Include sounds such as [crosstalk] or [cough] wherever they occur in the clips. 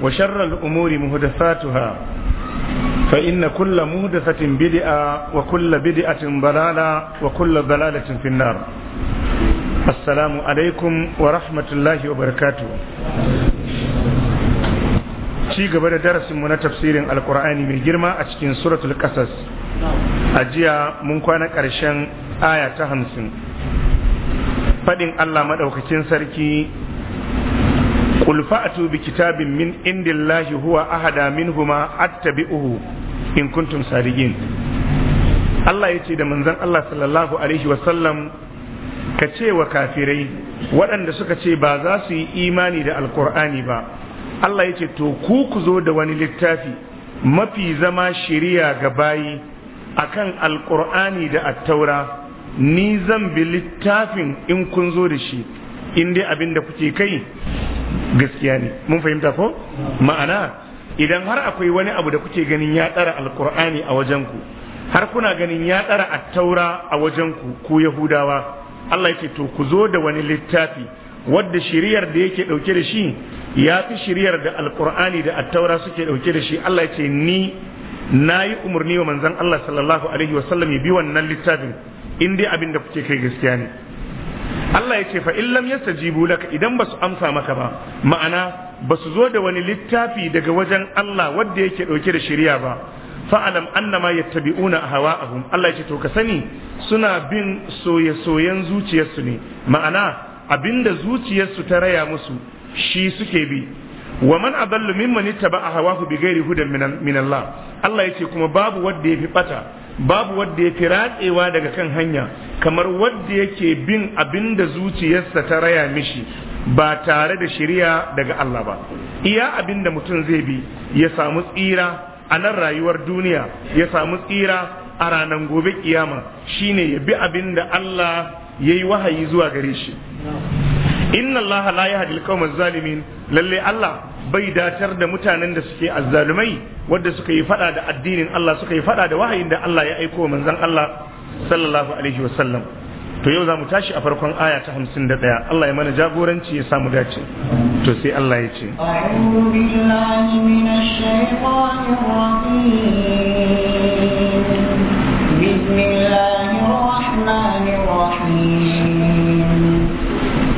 وشر الأمور مهدفاتها فإن كل مهدفة بدعة وكل بدعة ضلالة وكل ضلالة في النار السلام عليكم ورحمة الله وبركاته ci gaba da darasinmu na tafsirin alkur'ani mai girma a cikin suratul ƙasas. a jiya mun kwana ƙarshen aya ta hamsin faɗin allah maɗaukacin sarki qul fa'tu bi kitabin min indillahi huwa ahada minhuma attabi'uhu in kuntum sadiqin Allah yace da manzon Allah sallallahu alaihi wa ka ce wa kafirai waɗanda suka ce ba za su yi imani da alkur'ani ba Allah yace to ku ku zo da wani littafi mafi zama shiriya ga bayi akan alkur'ani da attaura ni zan bi littafin in kun zo da shi in dai abin da kuke kai gaskiya ne mun fahimta ko ma'ana idan har akwai wani abu da kuke ganin ya tsara alkur'ani a wajenku har kuna ganin ya tsara attaura a wajen ku yahudawa Allah yake to ku zo da wani littafi wadda shiriyar da yake dauke da shi ya fi shiriyar da alkur'ani da attaura suke dauke da shi Allah yake ni na yi umarni wa manzon Allah sallallahu alaihi wasallam ya bi wannan littafin in dai abin da kuke kai gaskiya ne Allah ya ce fa in lam yastajibu laka idan basu amsa maka ba ma'ana basu zo da wani littafi daga wajen Allah wanda yake ɗauke da shari'a ba fa'alam annama yattabi'una hawa'ahum Allah ya ce to ka sani suna bin soye-soyen zuciyarsu ne ma'ana abinda zuciyarsu ta raya musu shi suke bi wa man adallu mimman ittaba hawahu bighairi hudan min Allah Allah yace kuma babu wanda yafi bata babu wanda yafi ratsewa daga kan hanya kamar wanda yake bin abinda zuciyarsa ta raya mishi ba tare da shari'a daga Allah ba iya abinda mutum zai bi ya samu tsira a nan rayuwar duniya ya samu tsira a ranar gobe kiyama shine ya bi abinda Allah yayi wahayi zuwa gare shi inna Allah la yahdi al-qawma zalimin lalle Allah bai datar da mutanen da suke azzalumai wanda suka yi fada da addinin Allah suka yi fada da wahayin da Allah ya aiko manzon Allah sallallahu alaihi wasallam to yau za mu tashi a farkon aya ta 51 Allah ya mana jagoranci ya samu dace to sai Allah ya ce a'udhu billahi minash shaitanir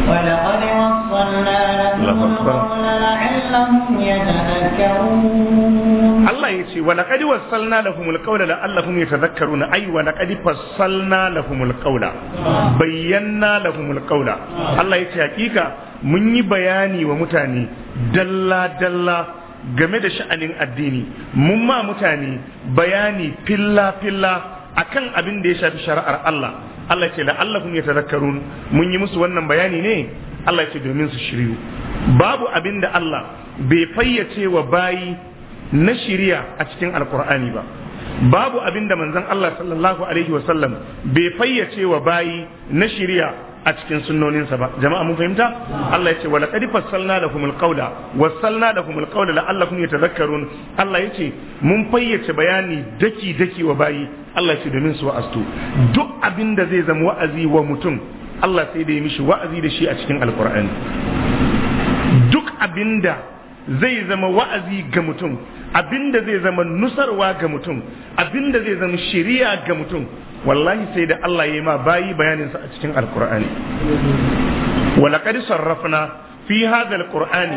ولقد وصلنا لهم القول لعلهم يتذكرون الله يسي ولقد وصلنا لهم القول لعلهم يتذكرون أي ولقد فصلنا لهم القول بينا لهم القول الله يسي حقيقة mun yi bayani wa mutane dalla-dalla game da sha'anin addini mun ma mutane bayani filla-filla akan abin da ya shafi shari'ar Allah Allah ce kun yatadhakkarun mun yi musu wannan bayani ne Allah ce domin su shiryu babu abin da Allah bai fayyace wa bayi na shiriya a cikin alkur'ani ba babu abin da manzon Allah sallallahu alaihi wasallam bai fayyace wa bayi na shiriya a cikin sunnoninsa ba jama'a mun fahimta Allah yace wala qad fassalna lakum alqawla wassalna lakum alqawla la'allakum yatadhakkarun Allah yace mun fayyace bayani daki daki wa bayi Allah yace domin su wa'astu duk abinda zai zama wa'azi wa mutum Allah sai da ya mishi wa'azi da shi a cikin alqur'ani duk abinda zai zama wa'azi ga mutum abinda zai zama nusarwa ga mutum abinda zai zama shiriya ga mutum wallahi sai da Allah ya yi ma bayi bayaninsa a cikin alkur'ani ولقد صرفنا في هذا القرآن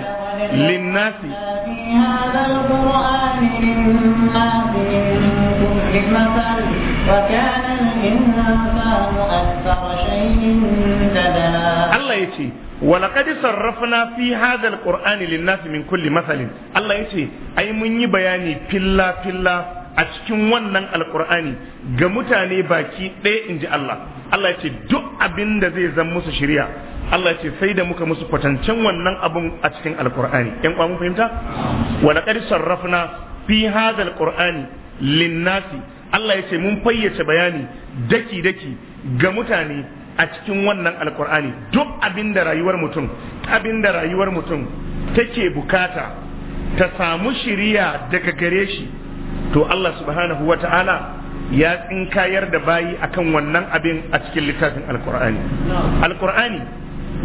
للناس في هذا القرآن ولقد صرفنا في linnasi القرآن kulli من كل مثل الله يتي أي من يبياني filla فلا a cikin wannan alkur'ani ga mutane baki ɗaya in ji Allah Allah ya ce duk abin da zai zan musu shirya Allah ya ce sai da muka musu kwatancen wannan abun a cikin alkur'ani ƴan kwa mun fahimta wa laqad sarrafna fi hadha alqur'ani lin Allah ya ce mun fayyace bayani daki daki ga mutane a cikin wannan alkur'ani duk abin da rayuwar mutum abin da rayuwar mutum take bukata ta samu shiriya daga gare shi to Allah subhanahu wa ta'ala ya tsinkayar da bayi akan wannan abin a cikin littafin alkur'ani alkur'ani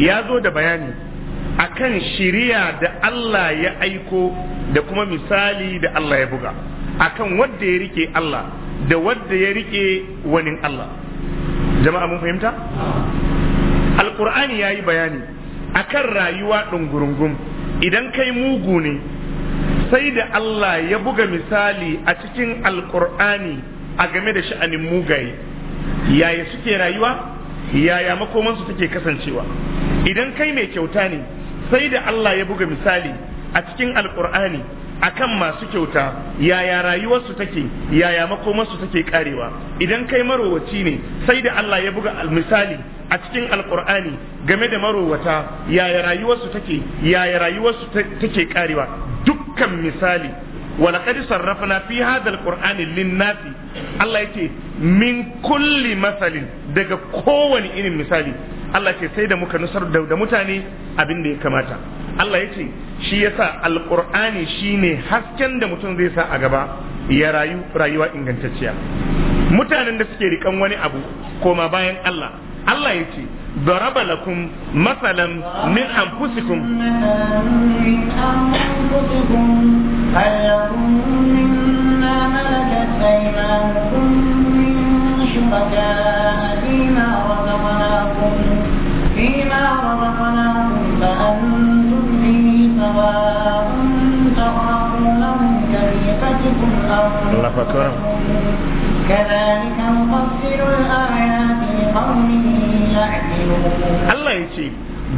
ya zo da bayani akan shiriya da Allah ya aiko da kuma misali da Allah ya buga akan wanda ya rike Allah da wadda ya rike wani Allah jama'a mun fahimta alqur'ani yayi bayani akan rayuwa ɗungurungun idan kai mugu ne sai da Allah ya buga misali a cikin alkur'ani a game da sha'anin mugaye yaya suke rayuwa yaya makomansu suke kasancewa idan kai mai kyauta ne sai da Allah ya buga misali a cikin alkur'ani akan masu kyauta yaya rayuwarsu take yaya makomarsu take karewa idan kai marowaci ne sai da Allah ya buga misali a cikin alkur'ani game da marowata yaya rayuwarsu take yaya rayuwarsu take karewa dukkan misali ولقد صرفنا في هذا القرآن للناس الله يتي من كل مثل daga kowane irin misali Allah ce sai da muka nusar da mutane abin da ya kamata Allah ya ce shi yasa alqur'ani shine hasken da mutum zai sa a gaba ya rayu rayuwa ingantacciya mutanen da suke rikan wani abu koma bayan Allah Allah ya ce ضرب لكم مثلا من أنفسكم من أكبر كذلك نفصل الآيات لقوم يعقلون الله يتي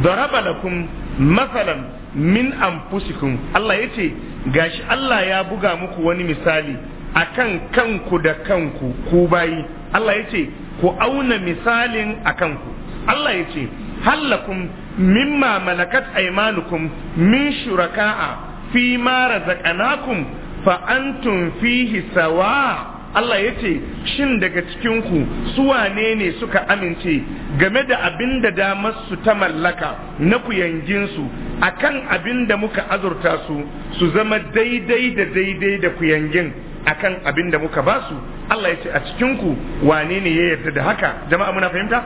ضرب لكم مثلا min anfusikum Allah ya ce gashi Allah ya buga muku wani misali akan kanku da kanku ku bayi Allah ya ce ku auna misalin a kanku Allah ya ce hallakum mimma malakat aimanukum min shuraka'a fi ma razaqnakum fa antum fihi sawa Allah ya ce shin daga cikinku su wane ne suka amince game da abin da damar su ta mallaka na kuyanginsu a kan abin da muka azurta su su zama daidai da daidai da kuyangin a kan abin da muka ba su Allah ya ce a cikinku wane ne ya yarda da haka jama'a muna fahimta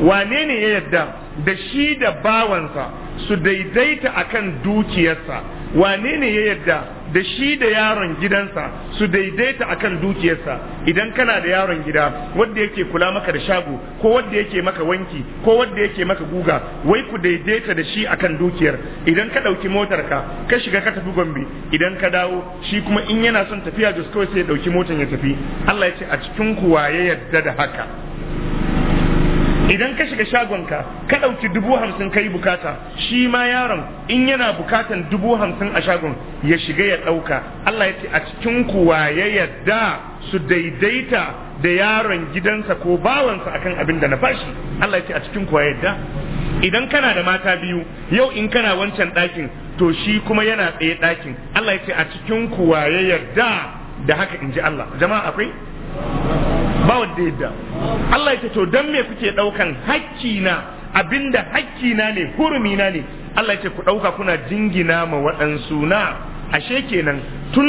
wane ne ya yarda da shi da bawansa su daidaita akan dukiyarsa wane ne ya yarda da shi da yaron gidansa su daidaita akan dukiyarsa idan kana da yaron gida wanda yake kula maka da shago ko wanda yake maka wanki ko wanda yake maka guga wai ku daidaita da shi akan dukiyar idan ka ɗauki motar ka ka shiga ka tafi gombe idan ka dawo shi kuma in yana son tafiya jos kawai sai ya ɗauki motar ya tafi Allah ya ce a cikin ku waye yadda da haka idan ka shiga shagonka ka ɗauki dubu hamsin ka yi bukata shi ma yaron in yana bukatan dubu hamsin a shagon ya shiga ya ɗauka Allah ya ce a cikin kuwa ya yadda su daidaita da yaron gidansa ko bawansa akan abin da na fashi? Allah ya ce a cikin kuwa ya yadda idan kana da mata biyu yau in kana wancan ɗakin to shi kuma yana tsaye ɗakin Allah ya ce a cikin kuwa ya yarda da haka in ji Allah jama'a akwai ba wanda yadda Allah ya ce to dan me kuke daukan hakkina abinda hakkina ne hurumina ne Allah ya ce ku dauka kuna jingina ma waɗansu na ashe kenan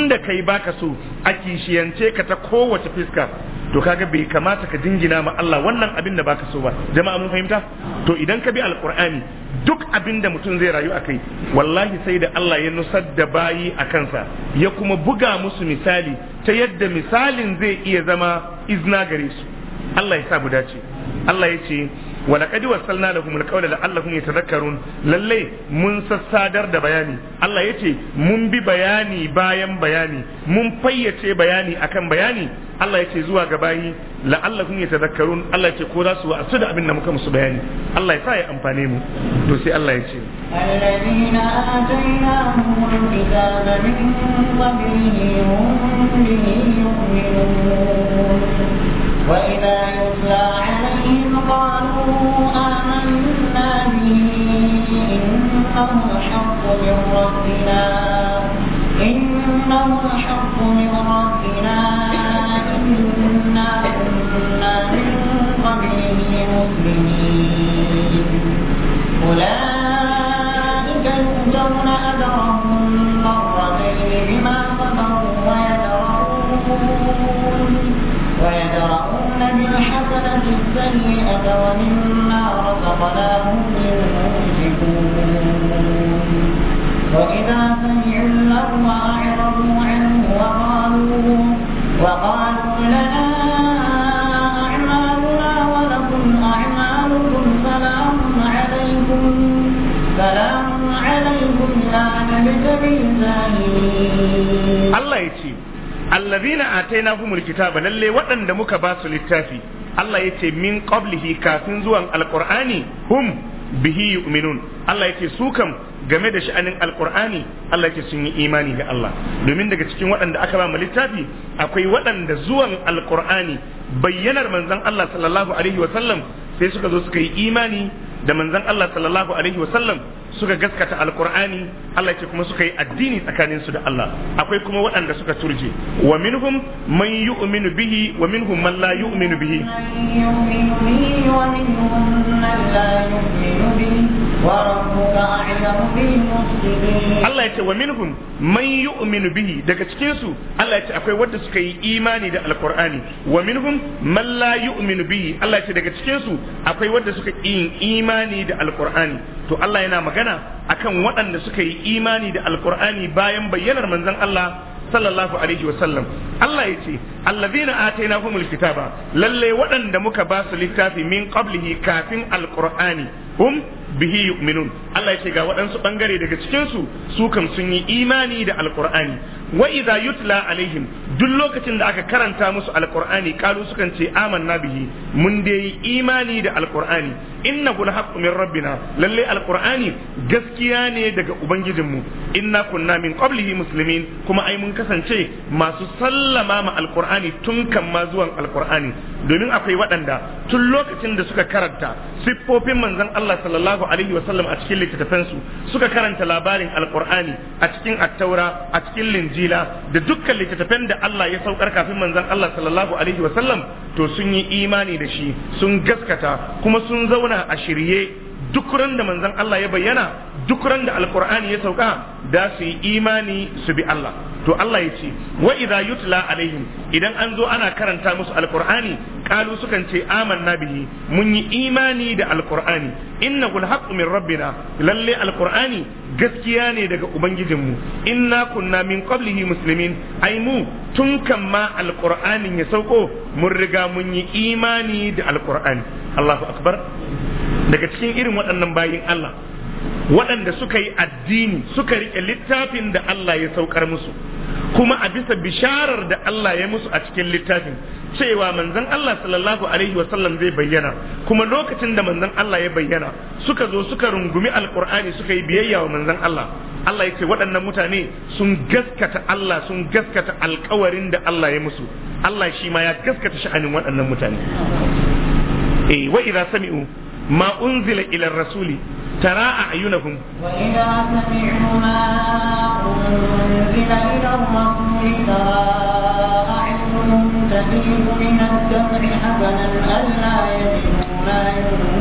da kai baka so a kishiyance ka ta kowace fiska to kaga bai kamata ka jingina ma Allah wannan abin da baka so ba jama'a mun fahimta to idan ka bi alqur'ani duk abinda da mutum zai rayu a kai. wallahi sai da Allah ya nusar da bayi a kansa ya kuma buga musu misali ta yadda misalin zai iya zama izna gare su Allah ya sa mu dace Allah ya ce wa laqad wassalna lahum alqawla la'allahum yatadhakkarun lallai mun sassadar da bayani Allah yace mun bi bayani bayan bayani mun fayyace bayani akan bayani Allah yace zuwa ga bayi la'allahum yatadhakkarun Allah yace ko za su wasu da abin da muka musu bayani Allah ya sa ya amfane mu to sai Allah yace الذين آتيناهم الكتاب من قبله هم به يؤمنون وإذا يتلى عليهم قالوا آمنا به إنه الحق من ربنا إنه الحق من ومما رزقناهم وإذا سمعوا اللغو أعرضوا عنه وقالوا وقالوا لنا أعمالنا ولكم أعمالكم سلام عليكم سلام عليكم لا نبتغي الجاهلين الله يتيم الذين آتيناهم الكتاب للي وأن دمك باسوا للتافي Allah ya ce min qablihi kafin zuwan alqur'ani hum bihi yu'minun Allah ya ce su kam game da sha'anin alqur'ani Allah ya ce sun yi imani ga Allah domin daga cikin waɗanda aka ba mu littafi akwai waɗanda zuwan alqur'ani bayyanar manzon Allah sallallahu alaihi wa sallam sai suka zo suka yi imani da manzon Allah sallallahu alaihi wa sallam suka gaskata alqur'ani Allah ce kuma suka yi addini tsakanin su da Allah akwai kuma waɗanda suka turje wa minhum man yu'minu bihi wa minhum man la yu'minu bihi Allah ya ce wa minhum man yu'minu bihi daga cikin su Allah ya ce akwai wanda suka yi imani da alkurani wa minhum man la yu'minu bihi Allah ya ce daga cikin su akwai wanda suka yi imani da to Allah yana magana magana akan waɗanda suka yi imani da alkur'ani bayan bayyanar manzon Allah sallallahu alaihi wa sallam Allah ya ce allazina atainahumul kitaba lalle waɗanda muka ba su littafi min qablihi kafin alqur'ani hum bihi yu'minun Allah ya ce ga waɗansu ɓangare daga cikinsu su kan sun yi imani da alƙur'ani wa idza yutla alaihim duk lokacin da aka karanta musu alƙur'ani kalu sukan ce amanna bihi mun dai yi imani da alƙur'ani innahu lahaqqu min rabbina lalle alƙur'ani gaskiya ne daga ubangijinmu inna kunna min qablihi muslimin kuma ai mun kasance masu sallama ma alƙur'ani tun kan ma zuwan alƙur'ani domin akwai waɗanda tun lokacin da suka karanta siffofin manzon Allah Allah sallallahu alaihi a cikin littattafansu suka karanta labarin alqur'ani a cikin attaura a cikin linjila da dukkan littattafan da Allah ya saukar kafin manzon Allah sallallahu alaihi to sun yi imani da shi sun gaskata kuma sun zauna a shirye duk ran da manzon Allah ya bayyana duk ran da alqur'ani ya sauka da su yi imani su bi Allah to Allah ya ce wa idza yutla alaihim idan an zo ana karanta musu alqur'ani kalu sukan ce amanna bihi mun yi imani da alqur'ani innahu haqqu min rabbina lalle alqur'ani gaskiya ne daga ubangijin ubangijinmu inna kunna min qablihi muslimin ai mu tun kan ma alqur'anin ya sauko mun riga mun yi imani da alqur'ani Allahu akbar daga cikin irin waɗannan bayin Allah waɗanda suka yi addini suka riƙe littafin da Allah ya saukar musu kuma a bisa bisharar da Allah ya musu a cikin littafin cewa manzon Allah sallallahu alaihi sallam zai bayyana kuma lokacin da manzon Allah ya bayyana suka zo suka rungumi alkur'ani suka yi biyayya wa manzon Allah Allah ya ce waɗannan mutane sun gaskata Allah sun gaskata alkawarin da Allah ya musu Allah shi ma ya gaskata sha'anin waɗannan mutane eh wa idza sami'u ma unzila ila rasuli ترى أعينهم وإذا سمعوا ما أنزل إلى الرسول ترى أعينهم تفيض من الدمع حزنا ألا يجدوا ما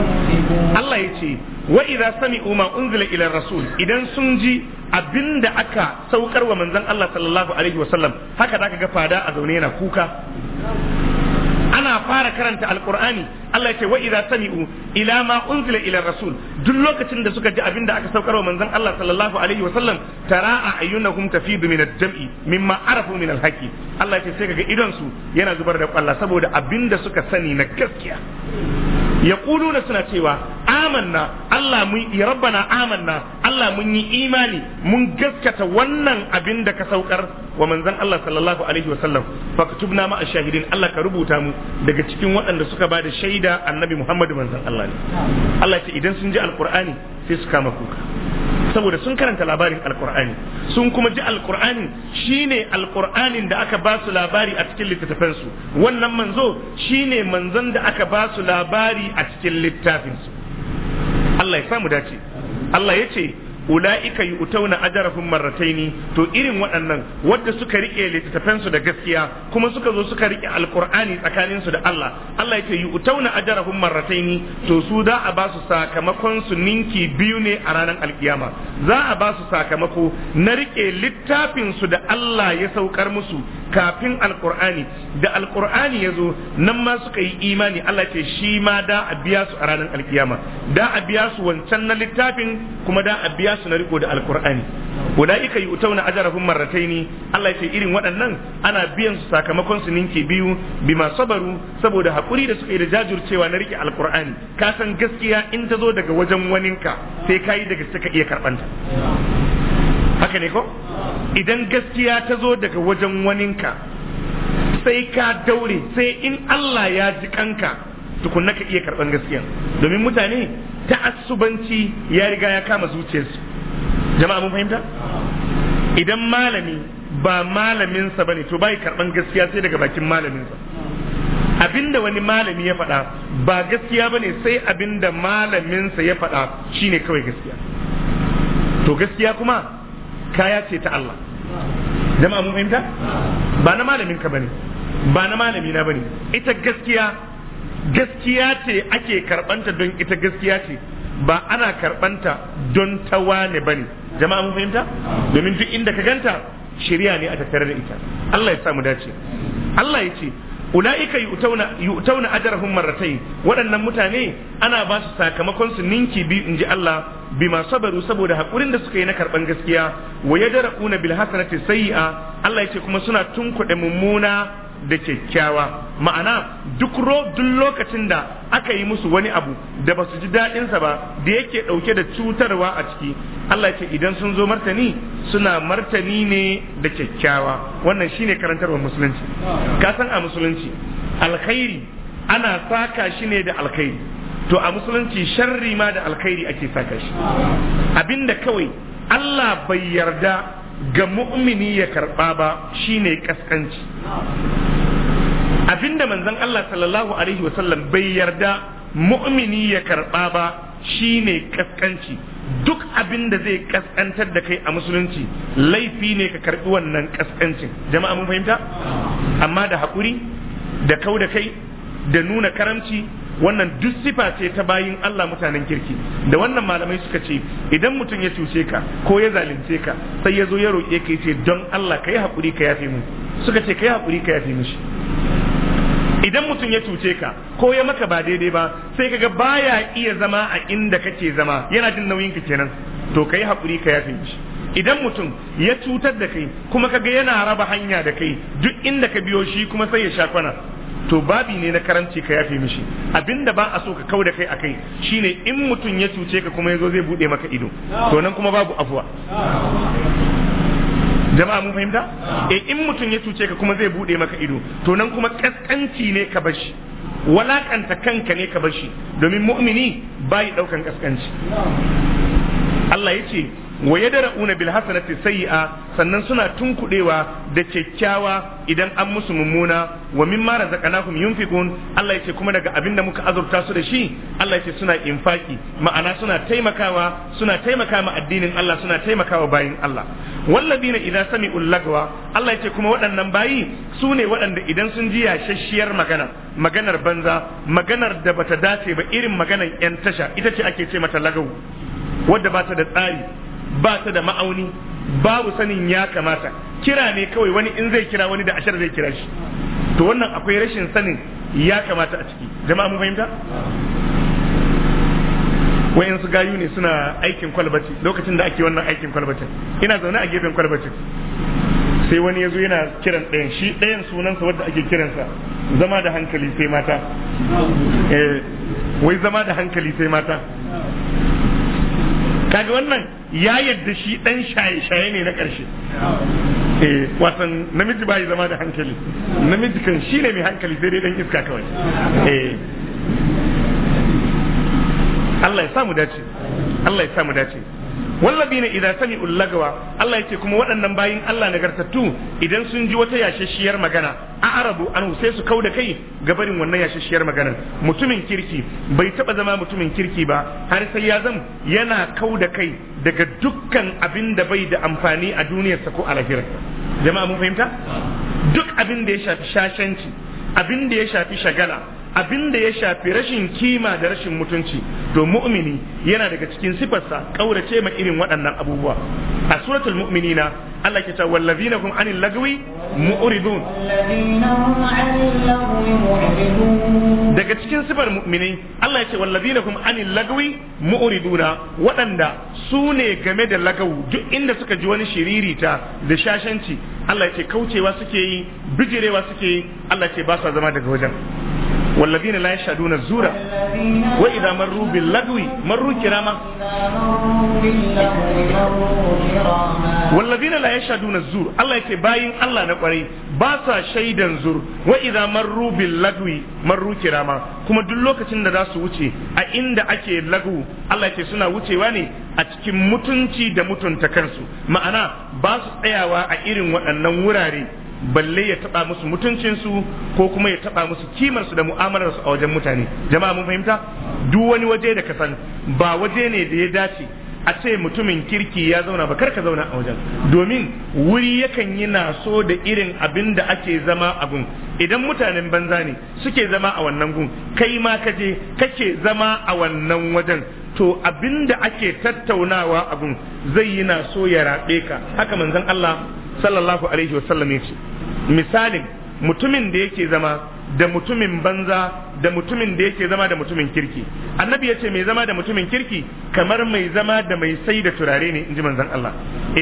Allah ya ce wa idza sami'u ma unzila ila rasul idan sun ji abinda aka saukar wa manzon Allah sallallahu alaihi wasallam haka zaka ga fada a zaune yana kuka ana fara karanta alqur'ani Allah ya ce wa idza sami'u ila ma unzila ila rasul duk lokacin da suka ji abin da aka saukar wa manzon Allah sallallahu alaihi wa sallam tara a ayyunahum tafidu min jami mimma arafu min al-haqi Allah ya sai kaga idon su yana zubar da kwalla saboda abin da suka sani na gaskiya yaquluna suna cewa amanna Allah mun yi rabbana amanna Allah mun yi imani mun gaskata wannan abin da ka saukar wa manzon Allah sallallahu alaihi sallam. faktubna ma shahidin Allah ka rubuta mu daga cikin waɗanda suka ba da shaida annabi Muhammad manzon Allah alkur'ani Allah ce idan sun ji alkur'ani sai su kama kuka saboda sun karanta labarin alkur'ani sun kuma ji alkur'ani shine alkur'anin da aka ba su labari a cikin littattafansu wannan manzo shine manzon da aka ba su labari a cikin littafinsu Allah ya samu dace Allah ya ce ula'ika yi utauna ajarafin marrataini to irin waɗannan wadda suka rike littattafansu da gaskiya kuma suka zo suka rike alkur'ani tsakaninsu da Allah Allah yake yi utauna ajarafin marrataini to su za a ba su sakamakon su ninki biyu ne a ranar alkiyama za a ba su sakamako na riƙe littafin su da Allah ya saukar musu kafin alkur'ani da alkur'ani ya zo nan ma suka yi imani Allah ce shi ma da a biya su a ranar alkiyama da a biya su wancan na littafin kuma da a biya nasu na riko da alkur'ani ulaika ajarafin ajrahum ne Allah yace irin waɗannan ana biyan su sakamakon su ninki biyu bima sabaru saboda hakuri da suka yi da jajircewa na rike alkur'ani ka san gaskiya in ta zo daga wajen waninka sai kayi daga suka iya karɓanta, haka ne ko idan gaskiya ta zo daga wajen waninka sai ka daure sai in Allah ya ji kanka tukunna ka iya karɓan gaskiya domin mutane ta'assubanci ya riga ya kama zuciyarsu jama'a mun fahimta idan malami ba malaminsa bane to bai karban gaskiya sai daga bakin malaminsa abinda wani malami ya faɗa ba gaskiya bane sai abinda malaminsa ya faɗa shine kawai gaskiya to gaskiya kuma kaya ce ta Allah jama'a mun fahimta ba na malamin ka bane ba na malami na bane ita gaskiya gaskiya ce ake karbanta don ita gaskiya ce ba ana karbanta don ta wane bane jama'a mun fahimta domin duk inda ka ganta shari'a ne a tattare da ita Allah ya samu dace Allah ya ce ulaika yu'tauna yu'tauna ajrahum marratayn waɗannan mutane ana ba su sakamakon su ninki bi inji Allah bima sabaru saboda hakurin da suka yi na karban gaskiya wa yadra'una bil hasanati sayyi'a Allah ya ce kuma suna tunkuɗe mummuna da kyakkyawa ma'ana duk ro duk lokacin da aka yi musu wani abu da ba su ji daɗinsa ba da yake ɗauke da cutarwa a ciki Allah ce idan sun zo martani suna martani ne da kyakkyawa wannan shine karantarwar musulunci ka san a musulunci alkhairi ana saka shi ne da alkhairi to a musulunci sharri ma da alkhairi ake saka shi abinda kawai Allah bai yarda ga mu'mini ya karɓa ba shine kaskanci abinda manzon Allah sallallahu alaihi wasallam bai yarda mu'mini ya karɓa ba shine kaskanci duk abin da zai kaskantar da kai a musulunci laifi ne ka karɓi wannan kaskancin jama'a mun fahimta amma da haƙuri da kau da kai da nuna karamci wannan duk sifa ce ta bayin Allah mutanen kirki da wannan malamai suka ce idan mutum ya cuce ka ko ya zalunce ka sai ya zo ya roƙe ka ce don Allah ka yi haƙuri ka yafe mu suka ce ka yi haƙuri ka yafe mishi idan mutum ya cuce ka ko ya maka ba daidai ba sai kaga baya iya zama a inda kake zama yana jin nauyin ka kenan to ka yi haƙuri ka yafe mishi idan mutum ya cutar da kai kuma kaga yana raba hanya da kai duk inda ka biyo shi kuma sai ya sha kwana to babi ne na karanci ka yafe mishi abinda ba a so ka kau da kai akai shine in mutum ya cuce ka kuma yazo zai bude maka ido to nan kuma babu afuwa jama'a mun fahimta eh in mutum ya cuce ka kuma zai bude maka ido to nan kuma kaskanci ne ka bashi walakanta kanka ne ka bashi domin mu'mini bai daukan kaskanci Allah ya ce wa yadra'una bil hasanati sayyi'a sannan suna tunkudewa da kyakkyawa idan an musu mummuna wa mimma razaqnahum yunfiqun Allah yace kuma daga abin da muka azurta su da shi Allah yace suna infaki ma'ana suna taimakawa suna taimakawa ma addinin Allah suna taimakawa bayin Allah walladina idza sami'u lagwa Allah yace kuma waɗannan bayi su ne waɗanda idan sun ji yashashiyar magana maganar banza maganar da bata dace ba irin maganar yan tasha ita ce ake ce mata lagawu wadda ba ta da tsari ba ta da ma'auni babu sanin ya kamata kira ne kawai wani in zai kira wani da ashar zai kira shi to wannan akwai rashin sanin ya kamata a ciki jama'a mun fahimta wayan su gayu ne suna aikin kwalbati lokacin da ake wannan aikin kwalbatin ina zaune a gefen kwalbatin sai wani yazo yana kiran ɗayan shi ɗayan sunansa wadda ake kiransa zama da hankali sai mata eh, wai zama da hankali sai mata kaga wannan ya yadda shi dan shaye-shaye ne na ƙarshe eh wasan namiji bai zama da hankali namiji kan shi ne mai hankali sai dai dan iska kawai eh Allah ya samu dace Allah ya samu dace wallabi ne idan sami lagawa Allah ce kuma waɗannan bayin Allah nagartattu idan sun ji wata yashashiyar magana a arabu an sai su kauda kai ga barin wannan yashashiyar maganar mutumin kirki bai taɓa zama mutumin kirki ba har sai ya zam yana kauda kai daga dukkan abin da bai da amfani a duniyarsa ko a jama'a mun fahimta duk abin da ya shafi shashanci abin da ya shafi shagala abin da ya shafi rashin kima da rashin mutunci to mu'mini yana daga cikin sifarsa kaurace ma irin waɗannan abubuwa a suratul mu'minina Allah ke ta wallazina hum anil lagwi mu'ridun daga cikin sifar mu'mini Allah ya ce wallazina hum anil lagwi mu'riduna waɗanda su ne game da lagawu duk inda suka ji wani shiririta da shashanci Allah ya ce kaucewa suke yi bijirewa suke yi Allah ya ce ba sa zama daga wajen والذين لا يشهدون الزور وإذا مروا باللغو مروا كراما والذين لا يشهدون الزور الله يكي باين الله نقري باسا شيدا زور وإذا مروا باللغو مروا كراما كما دلوك تند داسو وچي أئند أكي لغو الله يكي سنا وچي واني a cikin mutunci da mutunta kansu ma'ana ba su tsayawa a irin waɗannan wurare balle ya taba musu mutuncinsu ko kuma ya taba musu kimarsu da mu'amalarsu a wajen mutane jama'a mun fahimta duk wani waje da ka san ba waje ne da ya dace a ce mutumin kirki ya zauna ba kar ka zauna a wajen domin wuri yakan yi na so da irin abin da ake zama a gun idan mutanen banza ne suke zama a wannan gun kai ma ka je kake zama a wannan wajen to abin da ake tattaunawa a gun zai yi na so ya raɓe ka haka manzon Allah sallallahu alaihi wa sallam yace misalin mutumin da yake zama da mutumin banza da mutumin da yake zama da mutumin kirki annabi yace mai zama da mutumin kirki kamar mai zama da mai sai da turare ne in ji manzon Allah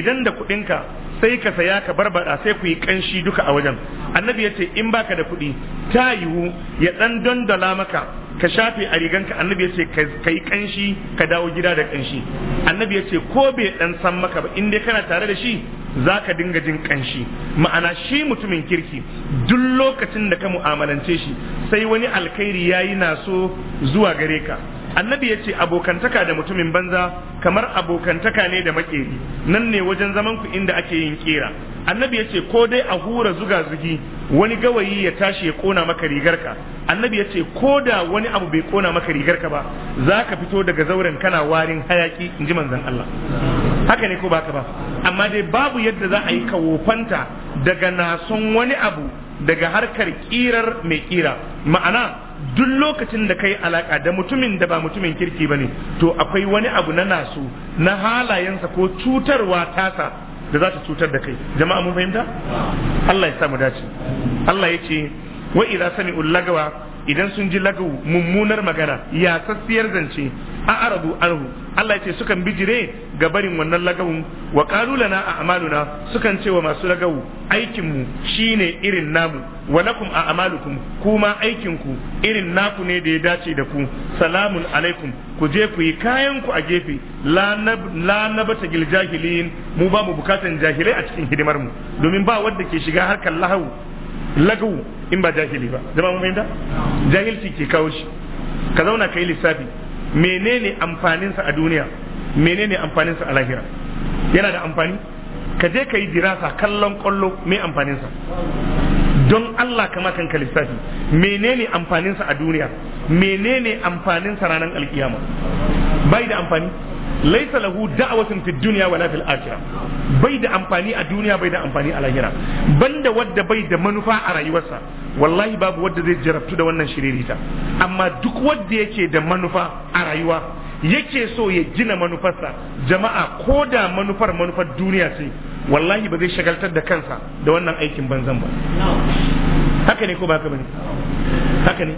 idan da kuɗinka sai ka saya ka barbada sai ku yi kanshi duka a wajen annabi yace in baka da kuɗi ta yiwu ya ɗan dondala maka ka shafe a riganka annabi ya ce ka yi kanshi ka dawo gida da kanshi annabi ya ce ko bai dan san maka ba inda dai kana tare da shi za ka dinga jin kanshi ma'ana shi mutumin kirki duk lokacin da ka mu'amalance shi sai wani alkhairi ya yi naso zuwa gare ka annabi ya ce abokantaka da mutumin banza kamar abokantaka ne da makeri nan ne wajen zaman ku inda ake yin kera annabi ya ce ko dai a hura zuga zugi wani gawayi ya tashi ya kona maka rigarka annabi ya ce ko da wani abu bai kona maka rigarka ba za ka fito daga zauren kana warin hayaki in ji manzon Allah haka ne ko baka ba amma dai babu yadda za a yi kawofanta daga nason wani abu daga harkar kirar mai kira ma'ana duk lokacin da kai alaka da mutumin da ba mutumin kirki ba ne to akwai wani abu na nasu na halayensa ko cutarwa tasa da za ta cutar da kai jama'a mun fahimta Allah ya sa mu dace Allah ya ce wa idza sami'ul lagawa idan sun ji lagawu mummunar magana ya sassiyar zance a'radu anhu Allah yace sukan bijire ga barin wannan lagawun wa qalu lana a'maluna sukan ce wa masu lagawu aikin mu shine irin namu wa lakum a'malukum kuma aikin ku irin naku ne da ya dace da ku salamun alaikum ku je ku yi kayan ku a gefe la nabata gil jahilin mu ba mu bukatan jahilai a cikin hidimar mu domin ba wanda ke shiga harkar lahawu lagawu in ba jahili ba zama mun fahimta jahilci ke kawo shi ka zauna ka yi lissafi menene amfaninsa a duniya menene amfaninsa a lahira yana da amfani ka je ka dirasa kallon kwallo mai amfaninsa don Allah kama kan ka lissafi menene amfaninsa a duniya menene amfaninsa ranar alkiyama bai da amfani laisa lahu da'watun fid dunya la fil akhirah bai da amfani a duniya bai da amfani a lahira banda wadda bai da manufa a rayuwarsa wallahi babu wadda zai jarabtu da wannan shiririta amma duk wadda yake da manufa a rayuwa yake so ya gina manufarsa jama'a ko da manufar manufar duniya ce wallahi ba zai shagaltar da kansa da wannan aikin banzan ba haka ne ko ba haka bane haka ne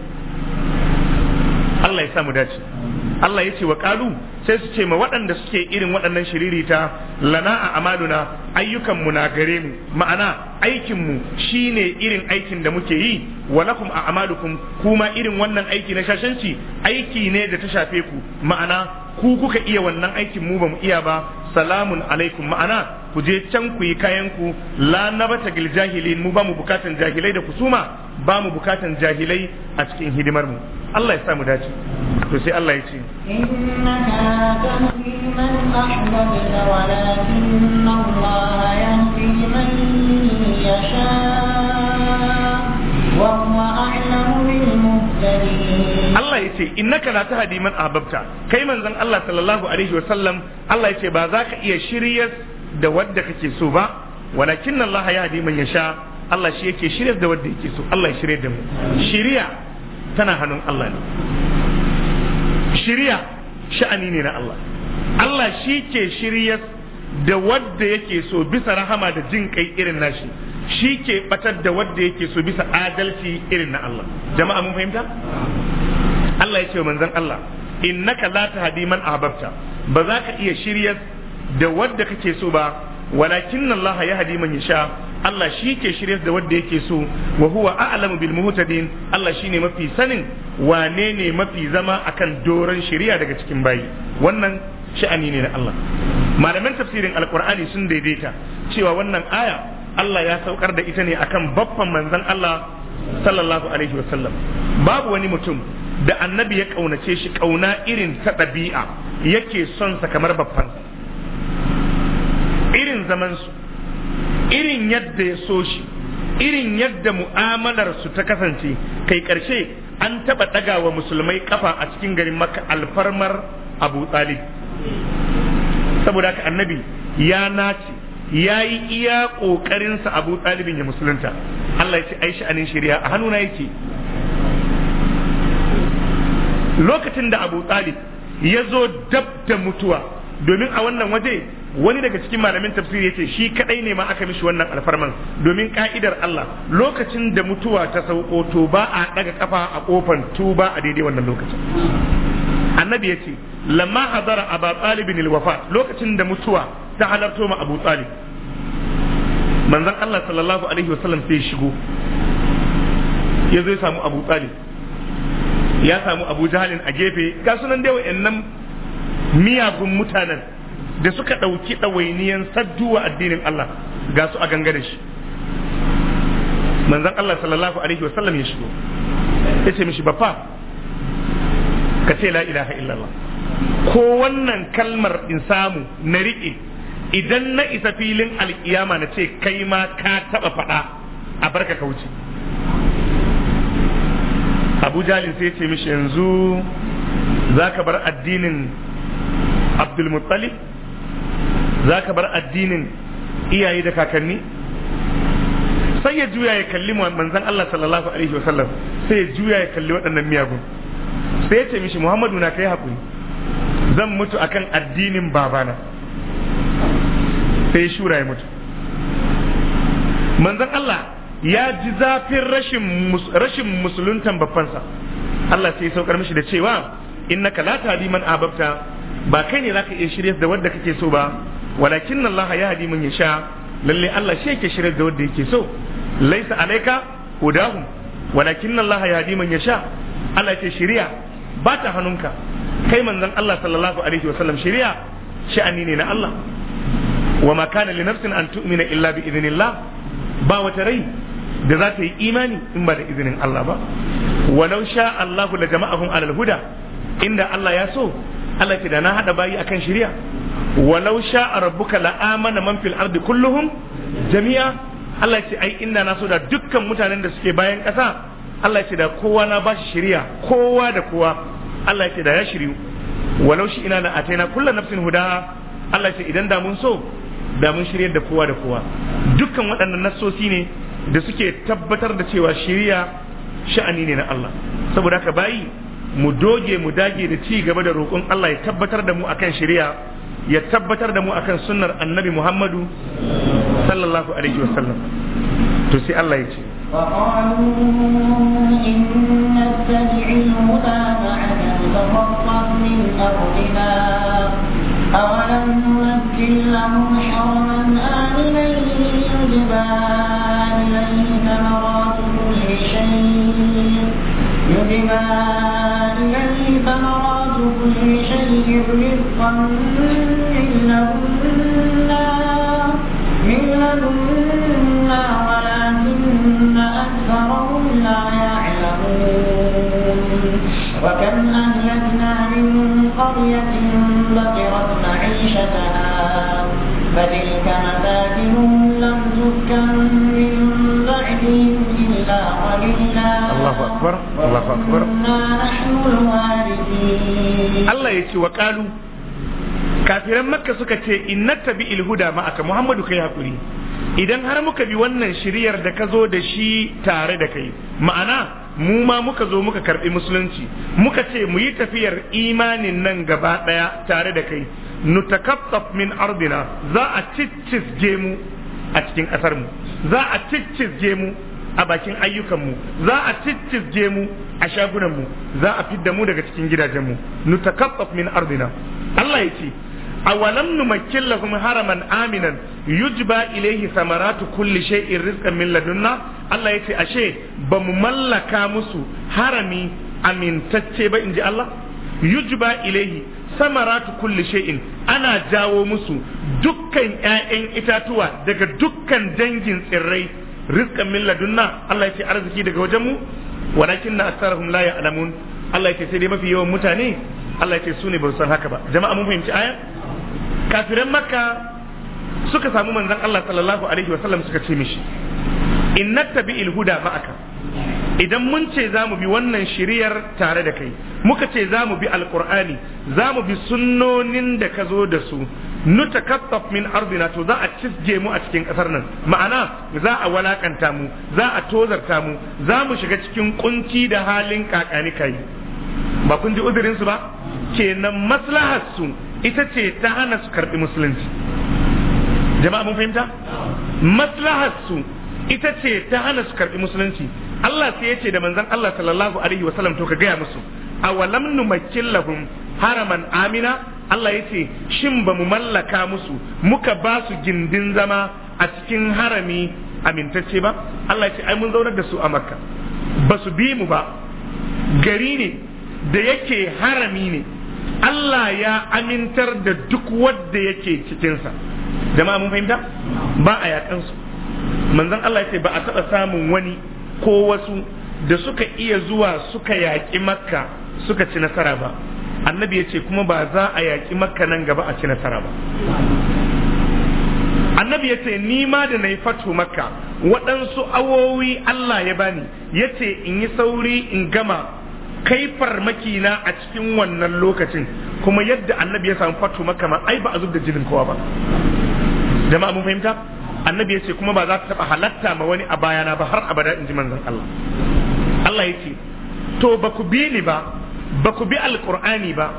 Allah ya samu dace Allah ya ce wa kalu sai su ce ma waɗanda suke irin waɗannan shiririta lana a amaluna ayyukan mu na gare mu ma'ana aikinmu mu shine irin aikin da muke yi walakum a amalukum kuma irin wannan aiki na shashanci aiki ne da ta shafe ku ma'ana ku kuka iya wannan aikin mu ba mu iya ba salamun alaikum ma'ana ku je can ku yi kayan ku la nabata gil jahilin mu ba mu bukatan jahilai da kusuma ba mu bukatan jahilai a cikin hidimar mu Allah ya samu dace to sai Allah ya ce Allah ya ce innaka la tahdi man ahbabta kai manzon Allah sallallahu alaihi wa sallam Allah ya ce ba za ka iya shiryar da wadda kake so ba walakin Allah ya hadi man yasha Allah shi yake shiryar da wadda yake so Allah ya shirye da mu shiriya tana hannun Allah ne shirya sha'ani ne na Allah Allah shi ke shiryar da wadda yake so bisa rahama da jin kai irin nashi shi ke batar da wadda yake so bisa adalci irin na Allah jama'a mun fahimta Allah ya ce manzon Allah innaka la tahdi man ahbabta ba za ka iya shiryar da wadda kake so ba walakin Allah ya hadi man yasha Allah shi ke shirye da wanda ke so wa a'alamu a'lamu bil muhtadin Allah shine mafi sanin wane ne mafi zama akan doron shari'a daga cikin bayi wannan sha'ani ne na Allah malaman tafsirin alqur'ani sun daidaita cewa wannan aya Allah ya saukar da ita ne akan baffan manzon Allah sallallahu alaihi wasallam babu wani mutum da annabi ya ƙaunace shi ƙauna irin ta ɗabi'a yake son sa kamar baffan. zamansu irin yadda ya so shi irin yadda mu'amalar su ta kasance kai ƙarshe an taɓa ɗaga wa musulmai kafa a cikin garin maka alfarmar abu talib saboda ka annabi ya nace ya yi iya ƙoƙarinsa abu talibin ya musulunta Allah ya ce ai sha'anin shari'a a hannuna yake lokacin da abu talib ya zo dab da mutuwa domin a wannan waje wani daga cikin malamin tafsiri yace shi kadai ne ma aka mishi wannan alfarman domin ka'idar Allah lokacin da mutuwa ta sauko to ba a daga kafa a kofan tuba a daidai wannan lokacin annabi yace lamma hadara aba talibin alwafa lokacin da mutuwa ta halarto ma abu talib manzon Allah sallallahu alaihi wasallam sai shigo ya zo ya samu abu talib ya samu abu jahalin a gefe ga sunan dai wa'annan miyagun mutanen da suka ɗauki ɗawainiyan sadduwa addinin Allah ga su a gangare shi manzan Allah sallallahu alaihi wa sallam ya shigo ya ce mishi bafa. ka ce la ilaha illallah ko wannan kalmar in samu na riƙe idan na isa filin alƙiyama na ce kai ma ka taɓa faɗa a barka ka wuce abu jalin sai ce mishi yanzu za ka bar addinin abdulmuttalib za ka bar addinin iyaye da kakanni sai ya juya ya kalli manzan Allah sallallahu alaihi wasallam sai ya juya ya kalli waɗannan miyagun sai ya ce mishi Muhammadu na kai hakuri zan mutu akan addinin babana sai ya shura ya mutu manzan Allah ya ji zafin rashin musuluntan babbansa Allah sai ya saukar mishi da cewa innaka la tahdi man ababta ba kai ne zaka iya shirye da wanda kake so ba walakin Allah ya hadi man yasha lalle Allah shi yake shirar da wanda yake so laisa alaika hudahum walakin Allah ya hadi man yasha Allah ce shiriya ba ta hannunka kai manzon Allah sallallahu alaihi wasallam shiriya sha'ani ne na Allah wa ma kana li nafsin an illa bi idhnillah ba wata rai da za ta yi imani in ba da izinin Allah ba walau sha Allahu la jama'ahum alal huda inda Allah ya so Allah ce da na haɗa bayi akan shiriya walau sha'a rabbuka la'amana man fil ardi kulluhum jami'a Allah ce ai inda na so da dukkan mutanen da suke bayan ƙasa Allah ce da kowa na bashi shari'a kowa da kowa Allah ce da ya shiryu walau shi ina na ataina kullu nafsin hudaha Allah ce idan da mun so da mun shiryar da kowa da kowa dukkan waɗannan nassosi ne da suke tabbatar da cewa shiriya sha'ani ne na Allah saboda haka bayi mu doge mu dage da ci gaba da roƙon Allah ya tabbatar da mu akan shiriya ya tabbatar da mu akan sunnar annabi muhammadu sallallahu alaihi wasallam to Allah ya ce يجبان إليه ثمرات كل وكم أهلكنا من قرية بطرت معيشتها فتلك مساكنهم لم تسكن من بعدهم إلا قليلا الله أكبر الله أكبر نحن الوارثين الله يتي وقالوا kafiran makka suka ce inna Ilhuda huda ma'aka muhammadu kai hakuri idan har muka bi wannan shiriyar da ka zo da shi tare da kai ma'ana mu ma muka zo muka karbi musulunci muka ce mu yi tafiyar imanin nan gaba daya tare da kai nutakaffaf min ardina za a ciccisge mu a cikin kasar mu za a ciccisge mu a bakin ayyukanmu za a ciccisge mu a shagunanmu za a fidda mu daga cikin gidajenmu nutakaffaf min ardina Allah ya ce awalam numakkin lahum haraman aminan yujba ilaihi samaratu kulli shay'in rizqan min ladunna Allah ya ce ashe ba mu mallaka musu harami amintacce ba in ji Allah yujba ilaihi samaratu kulli shay'in ana jawo musu dukkan ƴaƴan itatuwa daga dukkan dangin tsirrai rizqan min ladunna Allah ya ce arziki daga wajen mu walakin na asarahum la ya'lamun Allah ya ce sai dai mafi yawan mutane Allah ya ce su ne ba san haka ba jama'a mun fahimci aya kafiran makka suka samu manzon Allah sallallahu alaihi wasallam suka ce mishi in nattabi ilhuda ma'aka idan mun ce za bi wannan shiriyar tare da kai muka ce za mu bi alkur'ani za bi sunnonin da ka zo da su nuta kattaf min arzina to za a cisje mu a cikin ƙasar nan ma'ana za a walakanta mu za a tozarta mu za mu shiga cikin kunci da halin kakani kai ba kun ji su ba kenan maslahar su ita ce ta hana su karɓi musulunci jama'a mun fahimta maslahar su ita ce ta hana su karbi musulunci Allah sai ya ce da manzon Allah sallallahu alaihi sallam to ka gaya musu awalam numakkin lahum haraman amina Allah ya ce shin ba mu mallaka musu muka ba su gindin zama a cikin harami amintacce ba Allah ya ce ai mun zaunar da su a makka ba su bi mu ba gari ne da yake harami ne Allah ya amintar da duk wanda yake cikinsa ma mun fahimta ba a su manzon Allah ya ce ba a taɓa samun wani ko wasu da suka iya zuwa suka yaƙi makka suka ci nasara ba annabi ya ce kuma ba za a yaƙi makka nan gaba a ci nasara ba annabi ya ce ni ma da na yi fatu makka waɗansu awowi Allah ya bani ya ce in yi sauri in gama kai farmaki na a cikin wannan lokacin kuma yadda annabi ya samu fatu makka ma ai ba a zub da jinin kowa ba jama'a mun fahimta annabi ya ce kuma ba za ta taɓa halatta ma wani a bayana ba har abada in ji manzon Allah Allah ya ce to ba ku bi ni ba ba ku bi alƙur'ani ba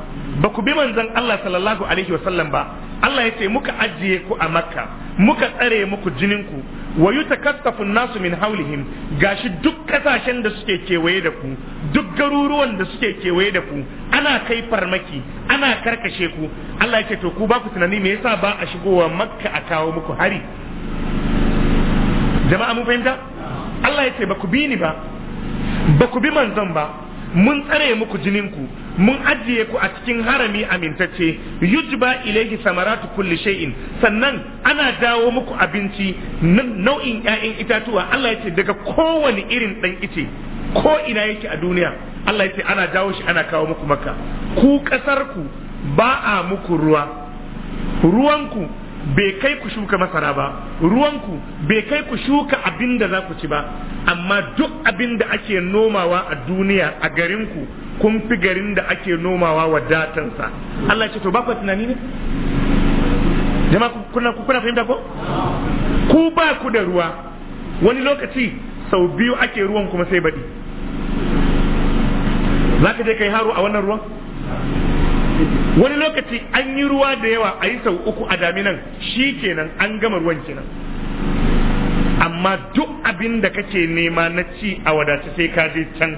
ba ku bi manzon Allah sallallahu alaihi wasallam ba Allah ya ce muka ajiye ku a makka muka tsare muku jininku wa yutakaffafu nasu min haulihim gashi duk ƙasashen da suke kewaye da ku duk garuruwan da suke kewaye da ku ana kai farmaki ana karkashe ku Allah ya ce to ku ba ku tunani me yasa ba a shigowa makka a kawo muku hari jama'a mun fahimta Allah ya ce ba ku bi ni ba ba ku bi manzon ba mun tsare muku jinin ku. mun ajiye ku a cikin harami amintacce yujba ilaihi samaratu kulli shay'in sannan ana dawo muku abinci nau'in ƴaƴan itatuwa Allah ya ce daga kowane irin dan ice ko ina yake a duniya Allah ya ce ana dawo shi ana kawo muku makka ku kasar ku ba a muku ruwa ruwanku bai kai ku shuka masara ba ruwanku bai kai ku shuka abin da za ku ci ba amma duk abinda ake nomawa a duniya a garinku kun fi garin da ake nomawa wadatansa Allah ya ce to ba ku tunani ne jama'a kuna kuna fahimta ko ku ba ku da ruwa wani lokaci sau biyu ake ruwan kuma sai baɗi za ka je kai haro a wannan ruwan wani lokaci an yi ruwa da yawa a yi sau uku a daminan shi kenan an gama ruwan kenan amma duk abin da kake nema na ci a wadace sai ka je can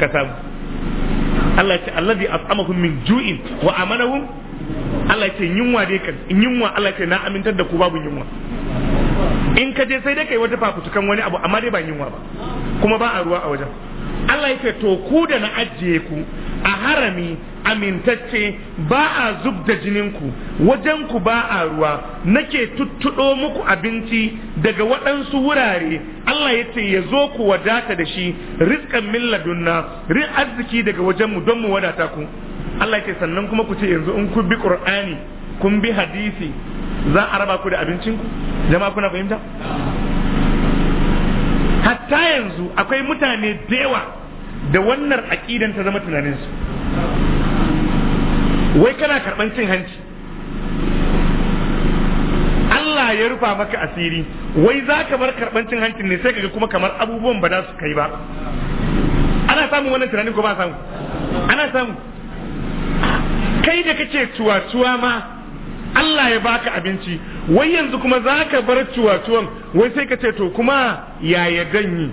ka samu Allah ce alladhi at'amahum min ju'in wa amanahum Allah ce yunwa dai kan yunwa Allah ce na amintar da ku babu yunwa in ka je sai dai kai wata fafutukan wani abu amma dai ba yunwa ba kuma ba a ruwa a wajen Allah ya ce to ku da na ajiye ku a harami amintacce ba a zub da jininku wajenku ba a ruwa nake tuttuɗo muku abinci daga waɗansu wurare Allah ya ce ya zo ku wadata da shi rizkan ladunna rin arziki daga wajenmu don mu wadata ku Allah ya ce sannan kuma ku ce yanzu in ku bi Qur'ani kun bi hadisi za a raba ku da abincinku jama'a kuna fahimta hatta yanzu akwai mutane da yawa da wannan aƙidan ta zama tunaninsu wai kana karɓar cin hanci Allah ya rufa maka asiri wai za ka bar karɓar cin hancin ne sai kaga kuma kamar abubuwan ba za su kai ba ana samun wannan tunanin ko ba samu ana samu kai da kace tuwa-tuwa ma Allah ya baka abinci wai yanzu kuma za ka bar tuwa-tuwan wai sai ka ce to kuma yaya danyi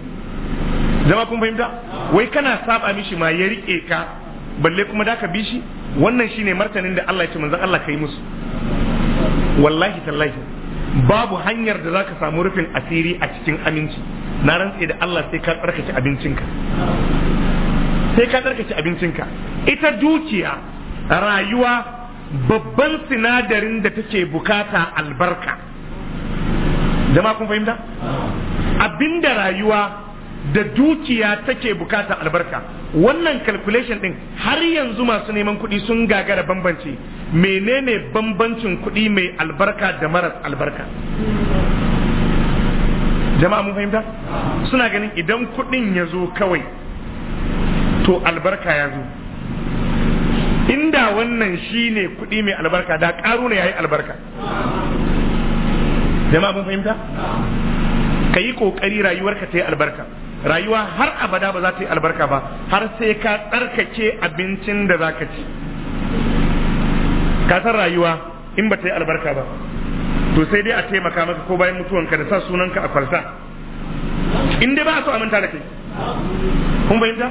zama kun fahimta wai kana saba mishi ma ya rike ka balle kuma da ka bi shi wannan shine martanin da Allah ya ce manzon Allah kai musu wallahi tallahi babu hanyar da zaka samu rufin asiri a cikin aminci na rantse da Allah sai ka tsarkake abincinka sai ka tsarkake abincinka ita dukiya rayuwa babban sinadarin da take bukata albarka jama'a kun fahimta abinda rayuwa da dukiya take bukata albarka wannan calculation din har yanzu masu neman kuɗi sun gagara bambanci menene bambancin kuɗi mai albarka da maras albarka jama'a mun fahimta suna ganin idan kuɗin ya zo kawai to albarka ya zo inda wannan shine kuɗi mai albarka da ƙaru ne ya yi albarka jama'a mun fahimta ka yi ƙoƙari rayuwarka ta yi albarka rayuwa har abada ba za ta yi albarka ba har sai ka tsarkake abincin da za ka ci ka san rayuwa in ba ta yi albarka ba to sai dai a taimaka maka ko bayan mutuwanka da sa sunanka a kwalta in dai ba a so aminta da kai kun fahimta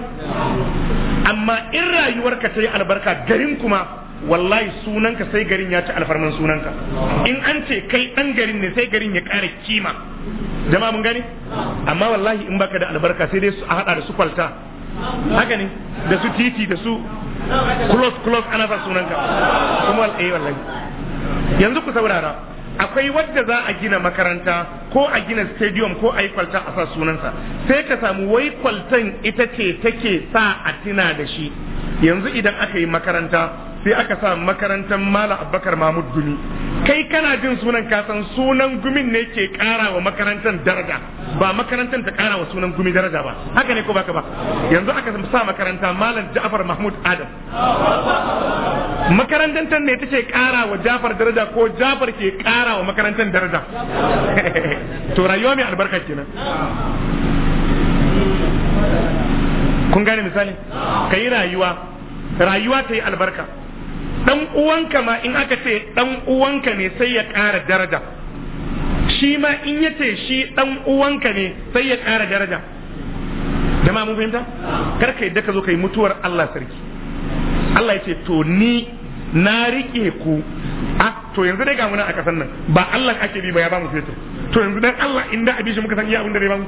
amma in rayuwarka ta yi albarka garin kuma wallahi sunanka sai garin ya ci alfarman sunanka in an ce kai dan garin ne sai garin ya ƙara kima jama'a mun gani amma wallahi in baka da albarka sai dai su a hada da su kwalta haka ne da su titi da su close close ana sa sunanka kuma eh wallahi yanzu ku saurara akwai wadda za a gina makaranta ko a gina stadium ko a yi kwalta a sa sunansa sai ka samu wai kwaltan ita ce take sa a tina da shi yanzu idan aka yi makaranta sai aka sa makarantar mala abbakar mahmud gumi kai kana jin sunan kasan sunan gumin ne ke kara wa makarantar daraja ba makarantar ta kara wa sunan gumi daraja ba haka ne ko baka ba yanzu aka sa makaranta malam ja'far mahmud adam makarantar ne tace kara wa ja'far daraja ko ja'far ke kara wa makarantar daraja [laughs] to rayuwa mai albarka kenan kun gane misali ka yi rayuwa rayuwa ta yi albarka dan uwanka ma in aka ce dan uwanka ne sai ya ƙara daraja shi ma in ya ce shi dan uwanka ne sai ya ƙara daraja jama'a mun fahimta kar ka yadda ka zo ka yi mutuwar Allah sarki Allah ya ce to ni na riƙe ku a to yanzu dai ga muna a kasan nan ba Allah ake bi ba ya ba mu fetur to yanzu dan Allah inda abishi muka san iya abin da zai ba mu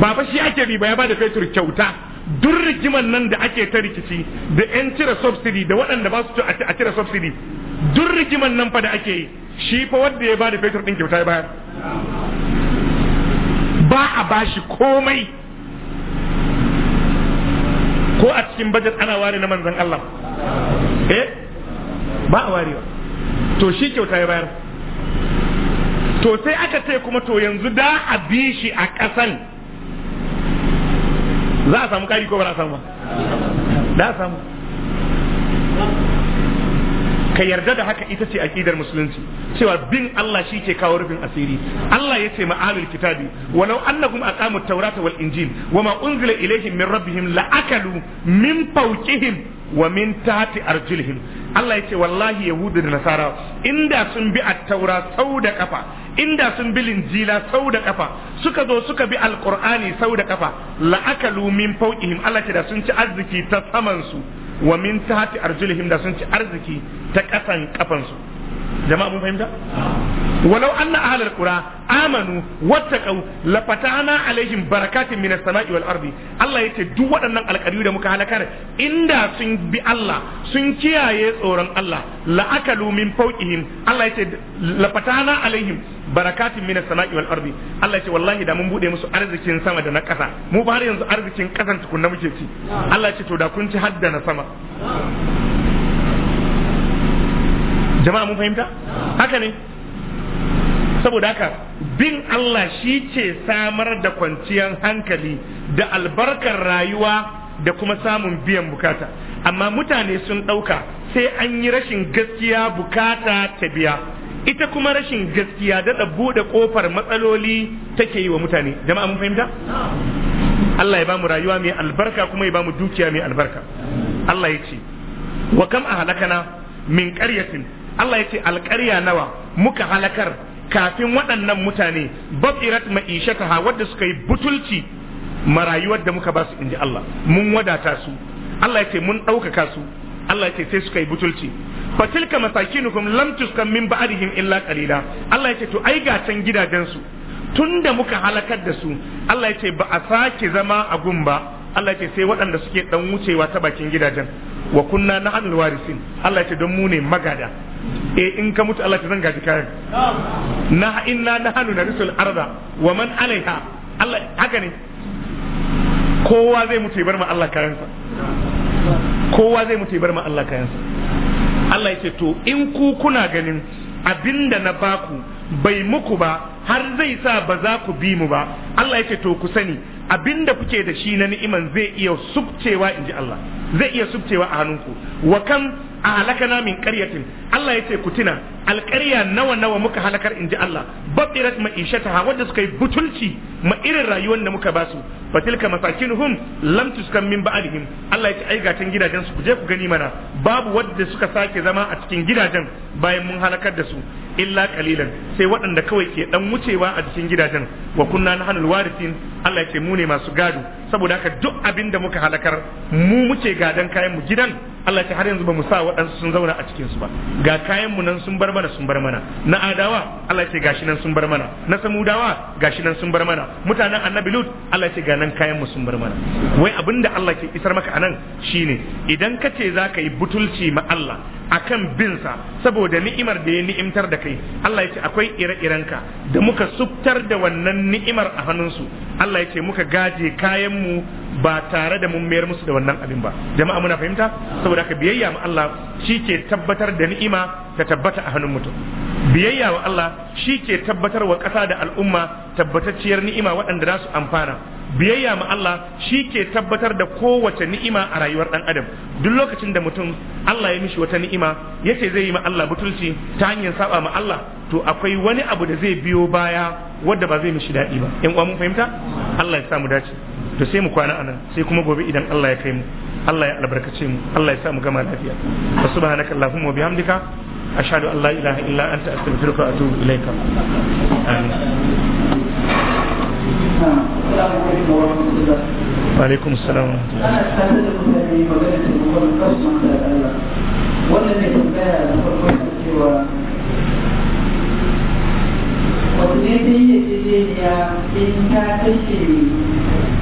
ba fa shi ake riba ya bada fetur kyauta duk rigiman nan da ake ta rikici da yan cire subsidy da waɗanda ba su a cire subsidy duk rigiman nan fa da ake yi shi fa wanda ya bada fetur din kyauta ya bayar ba a bashi komai ko a cikin budget ana ware na manzon Allah eh ba a warewa to shi kyauta ya bayar to sai aka ce kuma to yanzu da a bi shi a ƙasan za a samu kari ko ba na a samu ba a samu ka yarda da haka ita ce aqidar musulunci cewa bin Allah shi ke kawo rufin asiri Allah ya ce ma ahlul kitabi walau annahum aqamut tawrata wal injil wama unzila ilayhim min rabbihim laakalu min fawqihim wa min tahti arjulihim Allah yace wallahi yahudu da nasara inda sun bi at-taura sau da kafa inda sun bi linjila sau da kafa suka zo suka bi alqur'ani sau da kafa la'akalu min fawqihim Allah ce da sun ci arziki ta saman su wa min tahti arjulihim da sun ci arziki ta kasan kafan su jama'a mun fahimta walau anna ahlal qura amanu wattaqau la fatahna alaihim barakatin minas samai wal ardi Allah yace duk waɗannan alƙariyu da muka halakar inda sun bi Allah sun kiyaye tsoron Allah la akalu min fawqihim Allah yace la fatahna alaihim barakatin minas samai wal ardi Allah yace wallahi da mun buɗe musu arzikin sama da na ƙasa mu ba har yanzu arzikin ƙasan tukunna muke ci Allah yace to da kun ci na sama jama'a mun fahimta haka ne saboda haka bin Allah shi ce samar da kwanciyar hankali da albarkar rayuwa da kuma samun biyan bukata amma mutane sun ɗauka sai an yi rashin gaskiya bukata ta biya ita kuma rashin gaskiya daɗa buɗe ƙofar matsaloli take yi wa mutane jama'a mun fahimta Allah ya bamu rayuwa mai albarka kuma ya bamu dukiya mai albarka Allah ya ce wa kam ahlakana min qaryatin Allah ya ce alƙarya nawa muka halakar kafin waɗannan mutane ta ma'ishataha da suka yi butulci marayuwar da muka ba su inji Allah mun wadata su Allah ya ce mun ɗaukaka su Allah ya ce sai suka yi butulci fa tilka masakinukum lam tuskan min ba'dihim illa qalila Allah ya ce to ai ga can gidajen su tunda muka halakar da su Allah ya ce ba a sake zama a gun ba Allah ya ce sai waɗanda suke ɗan wucewa ta bakin gidajen wa kunna na hannun warisin Allah ce don mu ne magada e in ka mutu Allah ta zanga gaji kayan na inna na hannu na risul arda wa man alaiha Allah haka ne kowa zai mutu ya bar ma Allah kayansa kowa zai mutu ya bar ma Allah kayansa Allah ya ce to in ku kuna ganin abinda na baku bai muku ba har zai sa ba za ku bi mu ba Allah ya ce to ku sani abinda kuke da shi na ni'iman zai iya subcewa inji Allah zai iya subcewa a hannunku wa kam a halakana min karyatin Allah ya ce ku tuna alƙarya nawa nawa muka halakar inji Allah babirat hawa wanda suka yi butulci ma irin rayuwar da muka basu fatilka masakinuhum lam tuskan min ba'dihim Allah ya ce ai gatan gidajen su je ku gani mana babu wanda suka sake zama a cikin gidajen bayan mun halakar da su illa qalilan sai waɗanda kawai ke dan wucewa a cikin gidajen wa kunna nahnu alwarithin Allah ya ce mu ne masu gado saboda haka duk abin da muka halakar mu muke gadan kayan mu gidan Allah ta har yanzu ba mu sa waɗansu sun zauna a cikin su ba ga kayan mu nan sun bar mana sun bar mana na adawa Allah ce gashi nan sun bar mana na samudawa gashi nan sun bar mana mutanen annabi lut Allah ce ga nan kayan mu sun bar mana wai abinda Allah ke isar maka anan shine idan ka ce zaka yi butulci ma Allah akan bin sa saboda ni'imar da ya ni'imtar da kai Allah ya ce akwai ire-irenka da muka suftar da wannan ni'imar a hannunsu Allah ya ce muka gaje kayanmu ba tare da mun mayar musu da wannan abin ba jama'a muna fahimta saboda haka biyayya ma Allah shi ke tabbatar da ni'ima ta tabbata a hannun mutum biyayya wa Allah shi ke tabbatar wa ƙasa da al'umma tabbatacciyar ni'ima waɗanda za su amfana biyayya ma Allah shi ke tabbatar da kowace ni'ima a rayuwar ɗan adam duk lokacin da mutum Allah ya mishi wata ni'ima yace zai yi ma Allah butulci ta hanyar saba ma Allah to akwai wani abu da zai biyo baya wadda ba zai mishi daɗi ba in mun fahimta Allah ya samu dace to sai mu kwana anan sai kuma gobe idan Allah ya kai mu Allah ya albarkace mu Allah ya samu gama lafiya subhanaka allahumma bihamdika ashhadu an la ilaha illa anta astaghfiruka wa atubu ilaika amin عليكم وعليكم السلام ورحمة الله أنا أستعمل مثالي وقلت هو القصد على الألم والذي تبقى فرقنا سوى وتجدي يتجدي إن كاتشي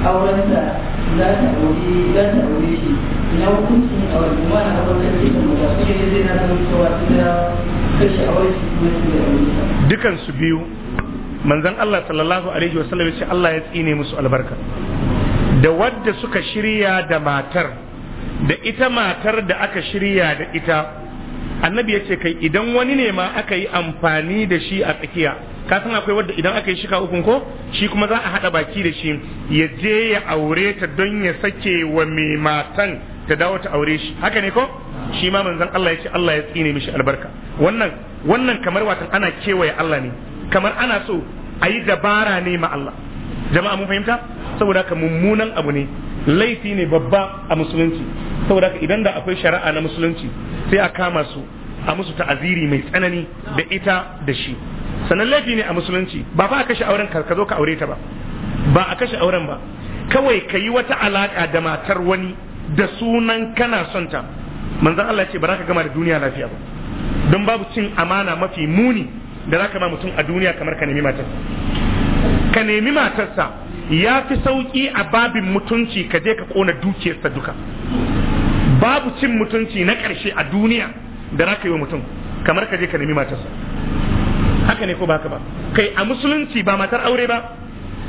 أولاً لا تأولي لا تأولي شيء لو كنت أو الإيمان أو التكليف المتأخير الذين أنتم سوى كذا كشي أولي شيء مثل أولي dukansu biyu manzon Allah sallallahu alaihi wasallam ya ce Allah ya tsine musu albarka da wadda suka shirya da matar da ita matar da aka shirya da ita annabi ya ce kai idan wani ne ma aka yi amfani da shi a tsakiya ka san akwai wadda idan aka yi shika ukun ko shi kuma za a haɗa baki da shi ya je ya aure ta don ya sake wa mai matan ta dawo ta aure shi haka ne ko shi ma manzon Allah ya ce Allah ya tsine mishi albarka wannan wannan kamar watan ana kewaye Allah ne kamar ana so a yi dabara ne ma Allah jama'a mun fahimta saboda ka mummunan abu ne laifi ne babba a musulunci saboda ka idan da akwai shari'a na musulunci sai a kama su a musu ta'aziri mai tsanani da ita da shi sannan laifi ne a musulunci ba fa a kashe auren ka zo ka aure ta ba ba a kashe auren ba kawai ka yi wata alaka da matar wani da sunan kana son ta manzon Allah ce ba za ka gama da duniya lafiya ba don babu cin amana mafi muni da zaka ma mutum a duniya kamar ka nemi matarsa ka nemi matarsa ya fi sauƙi a babin mutunci ka je ka kona dukiyarsa duka babu cin mutunci na ƙarshe a duniya da zaka yi wa mutum kamar ka je ka nemi matarsa haka ne ko ba haka ba kai a musulunci ba matar aure ba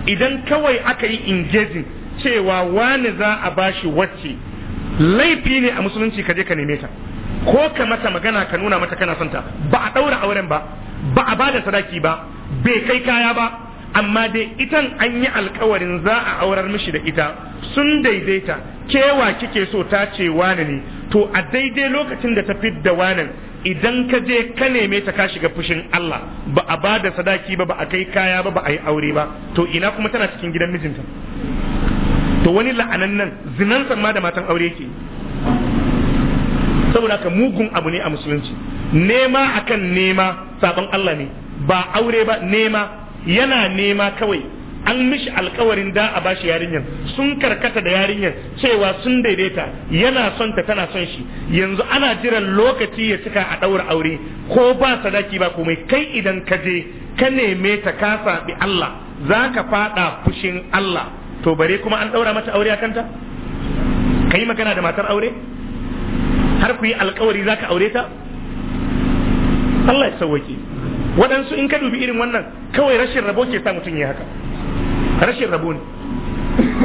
idan kawai aka yi ingejin cewa wani za a bashi wacce laifi ne a musulunci ka je ka neme ta ko ka mata magana ka nuna mata kana son ta ba a daura auren ba ba a bada sadaki ba bai kai kaya ba amma dai itan an yi alkawarin za a aurar mishi da ita sun daidaita kewa kike so ta ce wani ne to a daidai lokacin da ta fidda wanan idan ka je ka neme ta ka shiga fushin Allah ba a bada sadaki ba ba a kai kaya ba ba a yi aure ba to ina kuma tana cikin gidan mijinta to wani la'anan nan zinansa ma da matan aure yake saboda haka mugun abu ne a musulunci nema akan nema sabon Allah ne ba aure ba nema yana nema kawai an mishi alkawarin da a bashi yarinyar sun karkata da yarinyar cewa sun daidaita yana son ta tana son shi yanzu ana jiran lokaci ya cika a ɗaura aure ko ba sadaki ba komai kai idan ka je ka neme ta ka saɓi Allah za ka faɗa fushin Allah to bare kuma an ɗaura mata aure a kanta ka yi magana da matar aure har ku yi alkawari za ka aure ta Allah ya sauwaki waɗansu in ka dubi irin wannan kawai rashin rabo ke sa mutum ya haka rashin rabo ne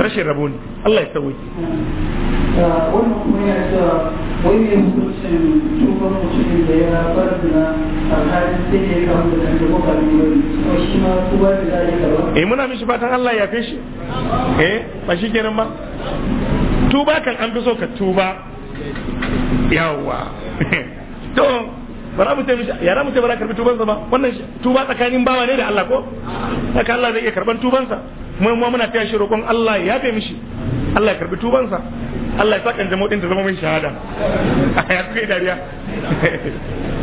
rashin rabo ne Allah ya sauwaki wannan kuma ya cewa wani ne hukuncin tuban mutumin da ya bar zina alhali sai ya kama da ɗan gaba kafin wani kuma shi ma tuba da za ya gaba eh muna mishi fatan Allah ya fi shi eh ba shi kenan ba tuba kan an fi so ka tuba yawwa [laughs] to ba za mu ce ya za mu ce ba za karbi tubansa ba wannan tuba tsakanin bawa ne da Allah ko haka Allah zai iya karban sa mu mu muna taya shi roƙon Allah ya yafe mishi Allah ya karbi tuban sa Allah ya sa kan din ta zama mai shahada a [laughs] ya kai dariya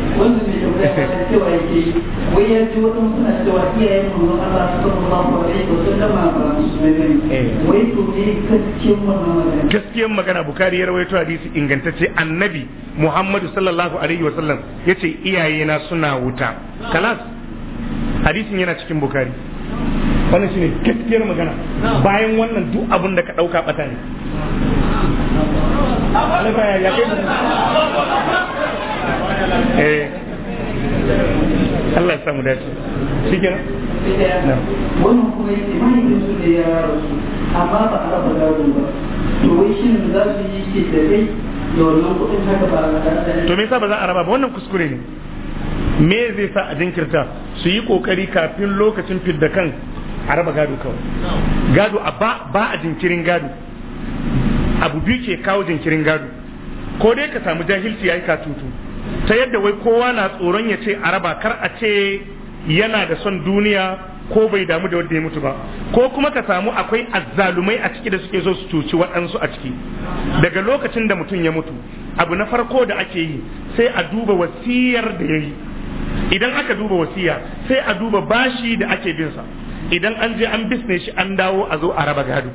[laughs] wanda bai tambaya ba cewa yake wai ya ji wadan suna cewa iyayen manzon Allah sallallahu alaihi wasallam ba musulmai wai to ne gaskiyar magana gaskiyar magana bukari ya rawaito hadisi ingantacce annabi Muhammadu sallallahu alaihi wasallam yace iyayena suna wuta kalas hadisin yana cikin bukari wannan shine gaskiyar magana bayan wannan duk abin da ka dauka bata ne ya kai eh wannan ba to za a me yasa ba za raba ba wannan kuskure ne me zai sa a jinkirta su yi kokari kafin lokacin fidda kan a raba gado kawai gado a ba a jinkirin gado abu biyu ke kawo jinkirin gado ko dai ka samu jahilci ya yi katutu ta yadda wai kowa na tsoron ya ce araba kar a ce yana da son duniya ko bai damu da wanda ya mutu ba ko kuma ka samu akwai azzalumai a ciki da suke zo su cuci waɗansu a ciki daga lokacin da mutum ya mutu abu na farko da ake yi sai a duba wasiyar da ya yi idan aka duba wasiya sai a duba bashi da ake bin sa idan an je an bisne shi an dawo a zo a raba gado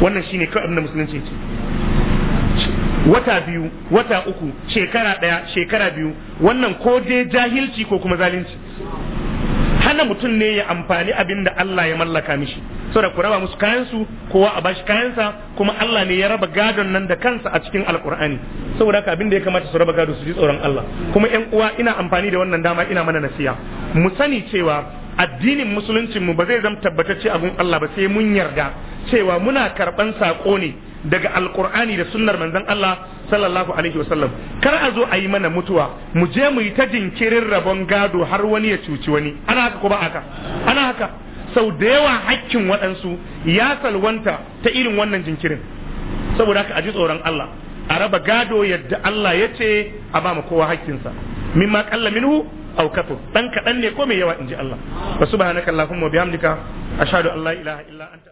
wannan shine kawai abin da musulunci ce wata biyu wata uku shekara ɗaya shekara biyu wannan ko dai jahilci ko kuma zalunci hana mutum ne ya amfani abin da Allah ya mallaka mishi saboda ku raba musu kayansu kowa a bashi kayansa kuma Allah ne ya raba gadon nan da kansa a cikin alkur'ani saboda haka abin da ya kamata su raba gado su ji tsoron Allah kuma ƴan uwa ina amfani da wannan dama ina mana nasiya mu sani cewa addinin musuluncin mu ba zai zama tabbatacce abun Allah ba sai mun yarda cewa muna karɓan sako ne daga alkur'ani da sunnar manzon Allah sallallahu alaihi wasallam kar a zo a yi mana mutuwa mu je mu yi ta jinkirin rabon gado har wani ya cuci wani ana haka ko ba haka ana haka sau da yawa hakkin waɗansu ya salwanta ta irin wannan jinkirin saboda haka a ji tsoron Allah a raba gado yadda Allah ya ce a ba mu kowa hakkinsa mimma kalla minhu aw kafur dan kadan ne ko mai yawa inji Allah subhanakallahumma wa bihamdika ashhadu an la ilaha illa anta